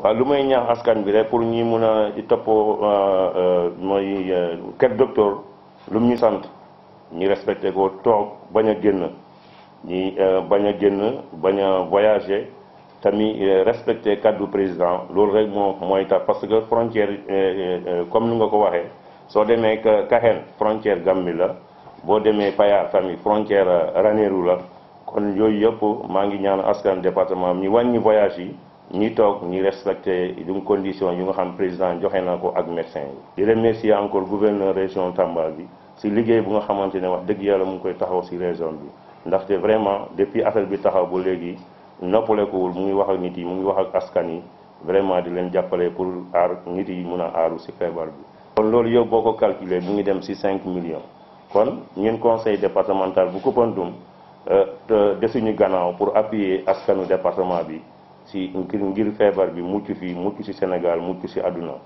waaw lu may ñaax askan bi rek pour ñi mun a di toppoo euh, euh, mooy kër euh, docteur lu mu ñu sant ñi respecté ko toog bañ a génn ñi bañ a génn bañ a voyager tamit respecté kaddu président loolu rek moo mooy tax parce que frontière comme ni nga ko waxee soo demee Kaxeen frontière Gambie la boo demee Payar tamit frontière Ranérou la kon yooyu yëpp maa ngi ñaan askan département ñu wàññi voyage yi ñuy toog ñuy respecté une condition yu nga xam président joxe naa ko ak médecin yi. di remercier encore gouverneur région Tamba bi si liggéey bu nga xamante ne wax dëgg yàlla mu ngi koy taxaw si région bi ndaxte vraiment depuis affaire bi taxaw ba léegi noppalekuwul mu ngi wax ak nit yi mu ngi wax ak askan yi vraiment di leen jàppale pour aar nit yi mun a aaru si feebar bi. kon loolu yow boo ko calculer mu ngi dem si cinq millions kon ñun conseil départemental bu Koupentoum euh, desuñu gannaaw pour appuyer askanu département bi. si ngir feebar bi mucc fii mucc si Sénégal mucc si àdduna